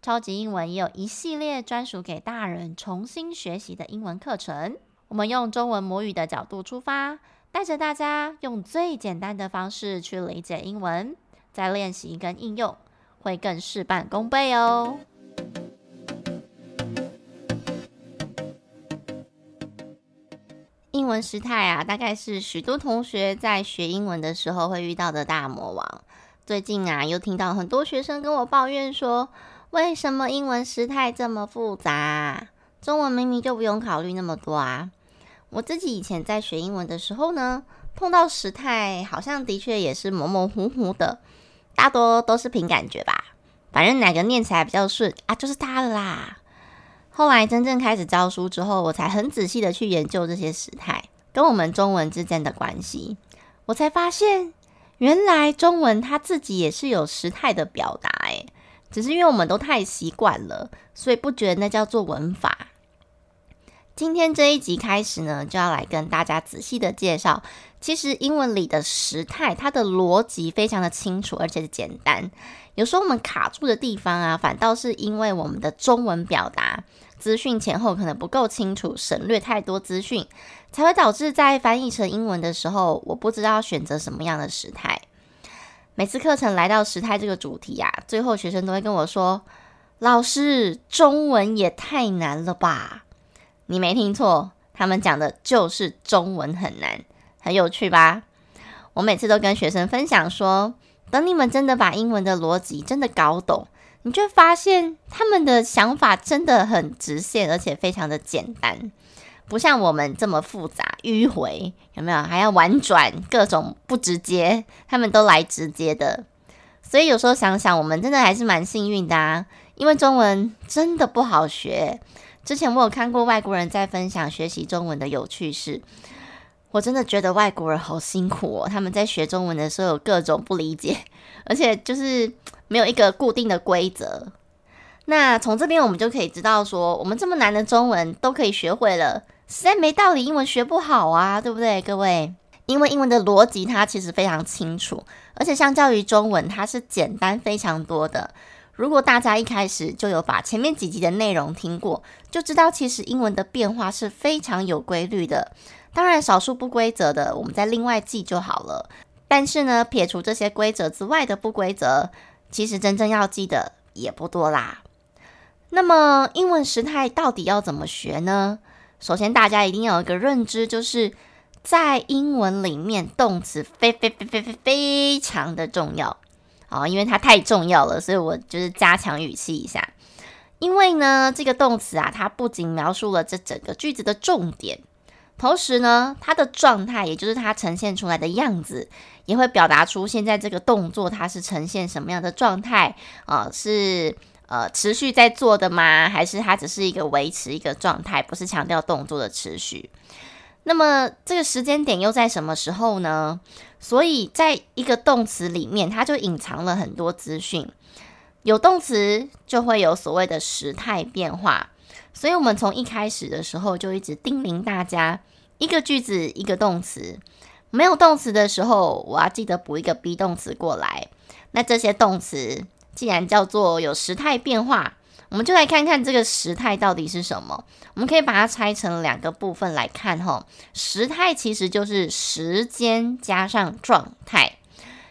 超級櫻文也有一系列專屬給大人重新學習的英文課程。我們用中文母語的角度出發，帶着大家用最簡單的方式去理解英文，再練習跟應用，會更事半功倍哦。英文時態啊，大概是許多同學在學英文的時候會遇到的大魔王。最近啊，又聽到很多學生跟我抱怨說，為什麼英文時態這麼複雜？中文明明就不用考慮那麼多啊！我自己以前在學英文的時候呢，碰到時態，好像的確也是模模糊糊的，大多都是憑感覺吧。反正哪個念起來比較順啊，就是它了啦。後來真正開始教書之後，我才很仔細的去研究這些時態跟我們中文之間的關係，我才發現，原來中文它自己也是有時態的表達。只是因為我們都太習慣了，所以不覺得那叫做文法。今天這一集開始呢，就要來跟大家仔細的介紹，其實英文裡的時態，它的邏輯非常的清楚，而且簡單。有時候我們卡住的地方啊，反倒是因為我們的中文表達資訊前後可能不夠清楚，省略太多資訊，才會導致在翻譯成英文的時候，我不知道要選擇什麼樣的時態。每次課程來到時態這個主題呀、啊，最後學生都會跟我說：“老師，中文也太難了吧！”你沒聽錯，他們講的就是中文很難，很有趣吧？我每次都跟學生分享說：“等你們真的把英文的邏輯真的搞懂，你就發現他們的想法真的很直線，而且非常的簡單。”不像我們這麼複雜迂迴，有沒有還要婉轉各種不直接？他們都來直接的，所以有時候想想，我們真的還是蠻幸運的啊！因為中文真的不好學。之前我有看過外國人在分享學習中文的有趣事，我真的覺得外國人好辛苦哦。他們在學中文的時候有各種不理解，而且就是沒有一個固定的規則。那從這邊我們就可以知道說，我們這麼難的中文都可以學會了。實在沒道理，英文學不好啊，對不對，各位？因為英文的邏輯它其實非常清楚，而且相較於中文，它是簡單非常多的。如果大家一開始就有把前面幾集的內容聽過，就知道其實英文的變化是非常有規律的。當然，少數不規則的，我們再另外記就好了。但是呢，撇除這些規則之外的不規則，其實真正要記的也不多啦。那麼，英文時態到底要怎麼學呢？首先，大家一定要有一個認知，就是在英文裡面，動詞非非非非非常的重要啊、哦，因為它太重要了，所以我就是加強語氣一下。因為呢，這個動詞啊，它不僅描述了這整個句子的重點，同時呢，它的狀態，也就是它呈現出來的樣子，也會表達出現在這個動作它是呈現什麼樣的狀態啊、哦，是。呃，持續在做的嗎？還是它只是一個維持一個狀態，不是強調動作的持續？那麼這個時間點又在什麼時候呢？所以在一個動詞裡面，它就隱藏了很多資訊。有動詞就會有所謂的時態變化，所以我們從一開始的時候就一直叮嚀大家：一個句子，一個動詞，沒有動詞的時候，我要記得補一個 be 動詞過來。那這些動詞。既然叫做有時態變化，我們就來看看這個時態到底是什麼。我們可以把它拆成兩個部分來看吼，時態其實就是時間加上狀態。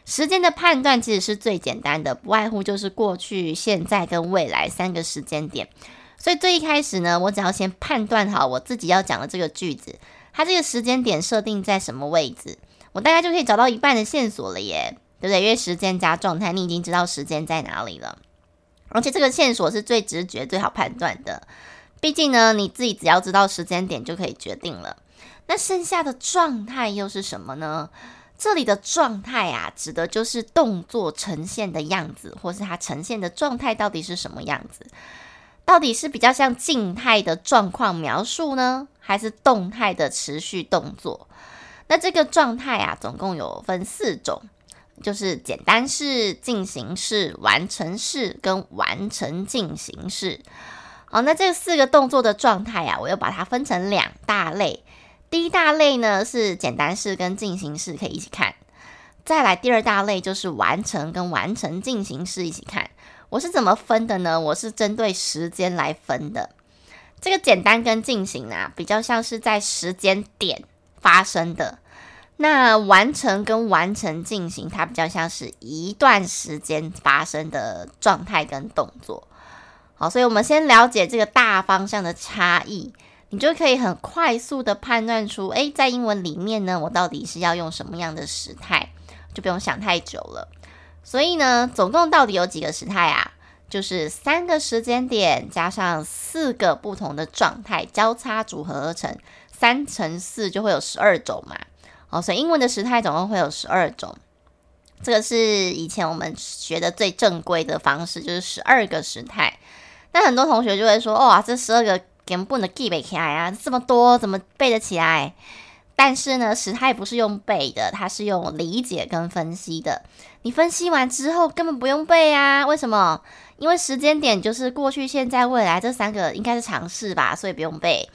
時間的判斷其實是最簡單的，不外乎就是過去、現在跟未來三個時間點。所以最一開始呢，我只要先判斷好我自己要講的這個句子，它這個時間點設定在什麼位置？我大概就可以找到一半的線索了耶。對不對？因為時間加狀態，你已經知道時間在哪裡了，而且這個線索是最直覺、最好判斷的。畢竟呢，你自己只要知道時間點就可以決定了。那剩下的狀態又是什麼呢？這裡的狀態啊，指的就是動作呈現的樣子，或是它呈現的狀態到底是什麼樣子？到底是比較像靜態的狀況描述呢，還是動態的持續動作？那這個狀態啊，總共有分四種。就是簡單式、進行式、完成式跟完成進行式。哦，那這四個動作的狀態啊，我又把它分成兩大類。第一大類呢，是簡單式跟進行式可以一起看，再來第二大類就是完成跟完成進行式一起看。我是怎麼分的呢？我是針對時間來分的。這個簡單跟進行啊，比較像是在時間點發生的。那完成跟完成進行，它比較像是一段時間發生的狀態跟動作。好，所以我們先了解這個大方向的差異，你就可以很快速的判斷出，哎、欸，在英文裡面呢，我到底是要用什麼樣的時態，就不用想太久了。所以呢，總共到底有幾個時態啊？就是三個時間點加上四個不同的狀態交叉組合而成三乘四，就會有十二種嘛。哦，所以英文的時態總共會有十二種，這個是以前我們學的最正規的方式，就是十二個時態。但很多同學就會說，哇、哦，這十二個根本記不能記背起來啊，這麼多怎麼背得起來？但是呢，時態不是用背的，它是用理解跟分析的。你分析完之後根本不用背啊，為什麼？因為時間點就是過去、現在、未來，這三個應該是常識吧，所以不用背。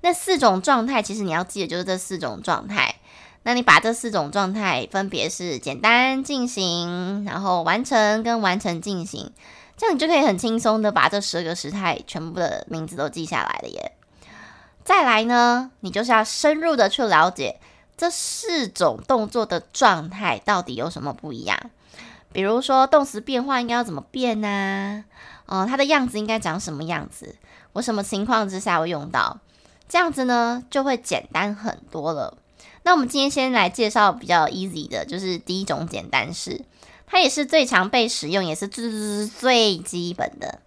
那四種狀態，其實你要記的就是這四種狀態。那你把這四種狀態分別是簡單進行，然後完成跟完成進行，這樣你就可以很輕鬆的把這十個時態全部的名字都記下來了耶。再來呢，你就是要深入的去了解這四種動作的狀態到底有什麼不一樣，比如說動詞變化應該要怎麼變啊，嗯，它的樣子應該長什麼樣子，我什麼情況之下會用到，這樣子呢就會簡單很多了。那我們今天先來介紹比較 easy 的，就是第一種簡單式，它也是最常被使用，也是最最基本的。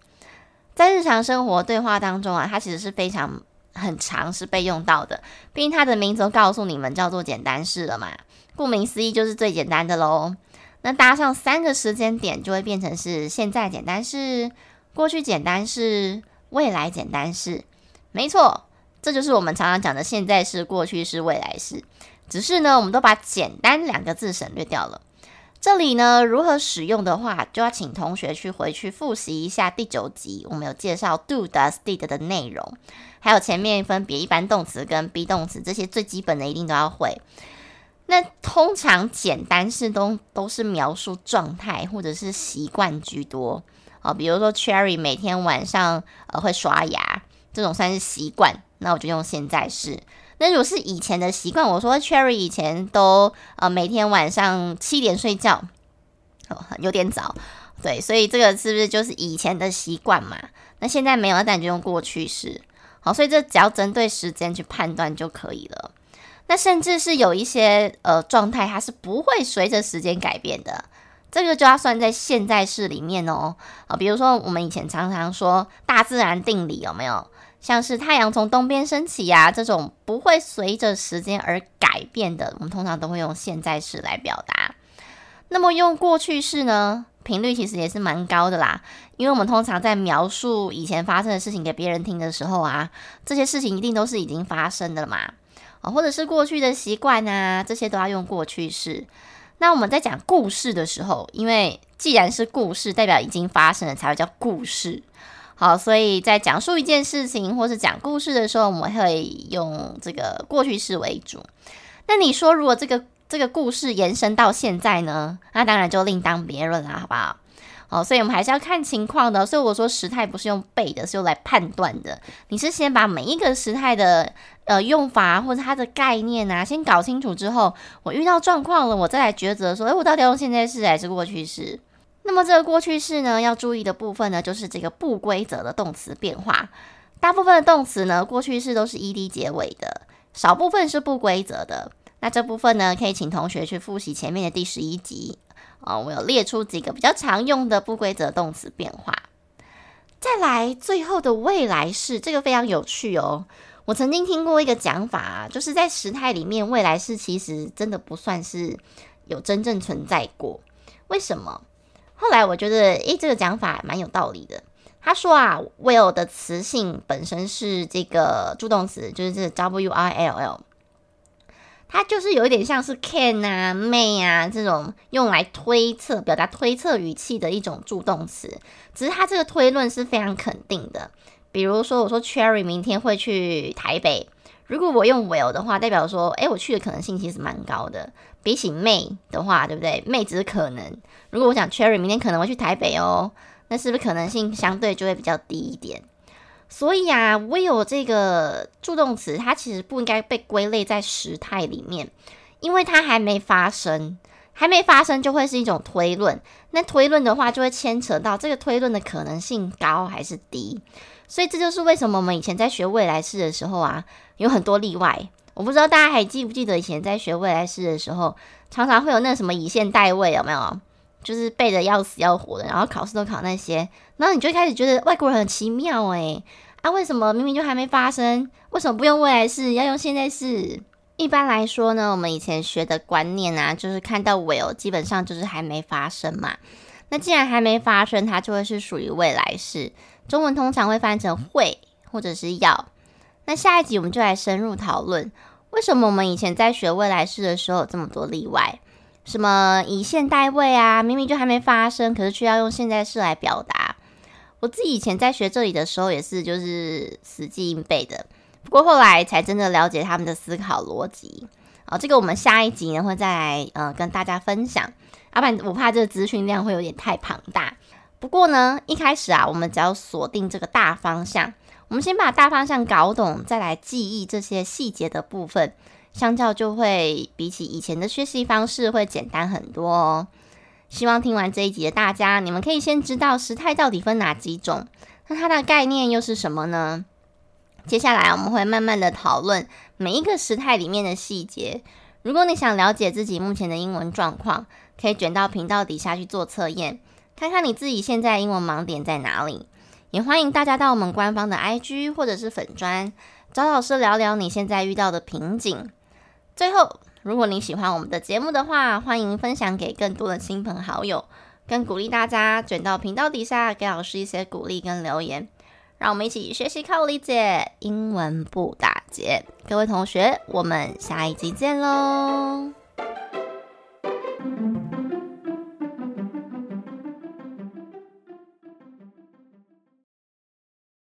在日常生活對話當中啊，它其實是非常很常是被用到的。畢竟它的名字都告訴你們叫做簡單式了嘛，顧名思義就是最簡單的嘍。那搭上三個時間點，就會變成是現在簡單式、過去簡單式、未來簡單式。沒錯，這就是我們常常講的現在式、過去式、未來式。只是呢，我們都把“簡單”兩個字省略掉了。這裡呢，如何使用的話，就要請同學去回去複習一下第九集，我們有介紹 do、does、did 的內容，還有前面分別一般動詞跟 be 動詞這些最基本的，一定都要會。那通常簡單式都都是描述狀態或者是習慣居多啊，比如說 Cherry 每天晚上呃會刷牙，這種算是習慣，那我就用現在式。那如果是以前的習慣，我說 Cherry 以前都呃每天晚上七點睡覺，哦，有點早，對，所以這個是不是就是以前的習慣嘛？那現在沒有，那感覺用過去式，好，所以這只要針對時間去判斷就可以了。那甚至是有一些呃狀態，它是不會隨着時間改變的，這個就要算在現在式裡面哦、喔。啊，比如說我們以前常常說大自然定理，有沒有？像是太陽從東邊升起呀、啊，這種不會隨着時間而改變的，我們通常都會用現在式來表達。那麼用過去式呢？頻率其實也是蠻高的啦，因為我們通常在描述以前發生的事情給別人聽的時候啊，這些事情一定都是已經發生的了嘛，或者是過去的習慣啊，這些都要用過去式。那我們在講故事的時候，因為既然是故事，代表已經發生了才會叫故事。好，所以在講述一件事情或是講故事的時候，我們會用這個過去式為主。那你說，如果這個這個故事延伸到現在呢？那當然就另當別論啦，好不好？好，所以我們還是要看情況的。所以我說時態不是用背的，是用來判斷的。你是先把每一個時態的呃用法或者它的概念啊，先搞清楚之後，我遇到狀況了，我再來抉擇說，誒，我到底要用現在式還是過去式？那麼這個過去式呢，要注意的部分呢，就是這個不規則的動詞變化。大部分的動詞呢，過去式都是 ed 結尾的，少部分是不規則的。那這部分呢，可以請同學去複習前面的第十一集哦，我有列出幾個比較常用的不規則動詞變化。再來，最後的未來式，這個非常有趣哦。我曾經聽過一個講法啊，就是在時態裡面，未來式其實真的不算是有真正存在過。為什麼？後來我覺得，誒、欸，這個講法蠻有道理的。他說啊，will 的詞性本身是這個助動詞，就是這 w i l l，它就是有一點像是 can 啊、may 啊這種用來推測、表達推測語氣的一種助動詞，只是他這個推論是非常肯定的。比如說，我說 Cherry 明天會去台北。如果我用 will 的話，代表說誒，我去的可能性其實蠻高的。比起 may 的話，對不對？may 只是可能。如果我想 Cherry 明天可能會去台北哦，那是不是可能性相對就會比較低一點？所以啊，will 這個助動詞，它其實不應該被歸類在時態裡面，因為它還沒發生。還沒發生就會是一種推論，那推論的話就會牽扯到這個推論的可能性高還是低，所以這就是為什麼我們以前在學未來式的時候啊，有很多例外。我不知道大家還記不記得以前在學未來式的時候，常常會有那個什麼以現代未有沒有，就是背得要死要活的，然後考試都考那些，然後你就開始覺得外國人很奇妙誒、欸，啊為什麼明明就還沒發生，為什麼不用未來式要用現在式？一般來說呢，我們以前學的觀念啊，就是看到 will 基本上就是還沒發生嘛。那既然還沒發生，它就會是屬於未來式。中文通常會翻成會或者是要。那下一集我們就來深入討論，為什麼我們以前在學未來式的時候有這麼多例外？什麼以現代未啊，明明就還沒發生，可是卻要用現在式來表達。我自己以前在學這裡的時候，也是就是死記硬背的。不過後來才真的了解他們的思考邏輯，好，這個我們下一集呢會再來呃跟大家分享。啊不然，我怕這個資訊量會有點太龐大。不過呢，一開始啊，我們只要鎖定這個大方向，我們先把大方向搞懂，再來記憶這些細節的部分，相較就會比起以前的學習方式會簡單很多哦。希望聽完這一集的大家，你們可以先知道時態到底分哪幾種，那它的概念又是什麼呢？接下來我們會慢慢的討論每一個時態裡面的細節。如果你想了解自己目前的英文狀況，可以捲到頻道底下去做測驗，看看你自己現在英文盲點在哪裡。也歡迎大家到我們官方的 IG 或者是粉專，找老師聊聊你現在遇到的瓶頸。最後，如果你喜歡我們的節目的話，歡迎分享給更多的親朋好友，更鼓勵大家捲到頻道底下給老師一些鼓勵跟留言。讓我們一起學習，靠理解英文不打結。各位同學，我們下一集見嘍！